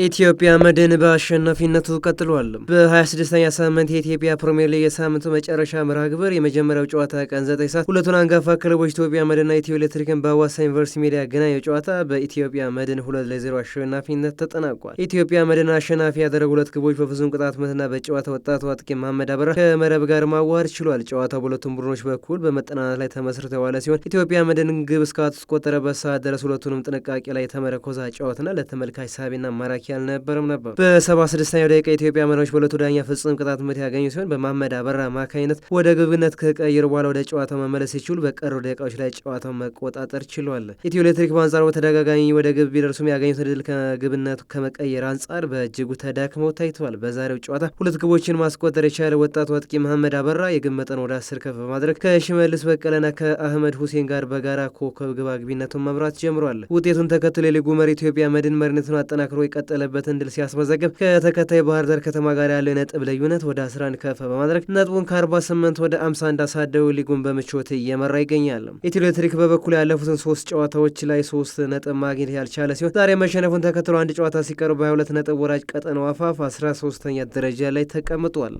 የኢትዮጵያ መድን በአሸናፊነቱ ቀጥሏል። በ26ኛ ሳምንት የኢትዮጵያ ፕሪምየር ሊግ የሳምንቱ መጨረሻ መርሃ ግብር የመጀመሪያው ጨዋታ ቀን 9 ሰዓት ሁለቱን አንጋፋ ክለቦች ኢትዮጵያ መድንና ኢትዮ ኤሌክትሪክን በአዋሳ ዩኒቨርሲቲ ሜዳ ያገናኘው ጨዋታ በኢትዮጵያ መድን 2 ለ0 አሸናፊነት ተጠናቋል። ኢትዮጵያ መድን አሸናፊ ያደረጉ ሁለት ግቦች በፍጹም ቅጣት ምትና በጨዋታ ወጣቱ አጥቂ መሐመድ አበራ ከመረብ ጋር ማዋሃድ ችሏል። ጨዋታው በሁለቱም ቡድኖች በኩል በመጠናናት ላይ ተመስርቶ የዋለ ሲሆን ኢትዮጵያ መድን ግብ እስካስቆጠረበት ሰዓት ድረስ ሁለቱንም ጥንቃቄ ላይ የተመረኮዛ ጨዋታና ለተመልካች ሳቢና ማራኪ አልነበረም ነበር። በ በ76ኛው ደቂቃ ኢትዮጵያ መሪዎች በሁለቱ ዳኛ ፍጹም ቅጣት ምት ያገኙ ሲሆን በማመድ አበራ አማካኝነት ወደ ግብነት ከቀይር በኋላ ወደ ጨዋታው መመለስ ሲችሉ በቀሩ ደቂቃዎች ላይ ጨዋታው መቆጣጠር ችሏል። ኢትዮ ኤሌክትሪክ በአንጻሩ በተደጋጋሚ ወደ ግብ ቢደርሱም ያገኙት ድል ከግብነቱ ከመቀየር አንጻር በእጅጉ ተዳክመው ታይተዋል። በዛሬው ጨዋታ ሁለት ግቦችን ማስቆጠር የቻለ ወጣቱ አጥቂ መሐመድ አበራ የግብ መጠን ወደ አስር ከፍ በማድረግ ከሽመልስ በቀለና ከአህመድ ሁሴን ጋር በጋራ ኮከብ ግባግቢነቱን መምራት ጀምሯል። ውጤቱን ተከትሎ የሊጉ መሪ ኢትዮጵያ መድን መሪነቱን አጠናክሮ ይቀጥ የቀጠለበትን ድል ሲያስመዘግብ ከተከታይ ባህር ዳር ከተማ ጋር ያለው የነጥብ ልዩነት ወደ 11 ከፍ በማድረግ ነጥቡን ከ48 ወደ 50 እንዳሳደው ሊጉን በምቾት እየመራ ይገኛል። ኢትዮ ኤሌክትሪክ ያለፉትን ሶስት ጨዋታዎች ላይ ሶስት ነጥብ ማግኘት ያልቻለ ሲሆን ዛሬ መሸነፉን ተከትሎ አንድ ጨዋታ ሲቀሩ በ22 ነጥብ ወራጅ ቀጠነው አፋፍ 13ኛ ደረጃ ላይ ተቀምጧል።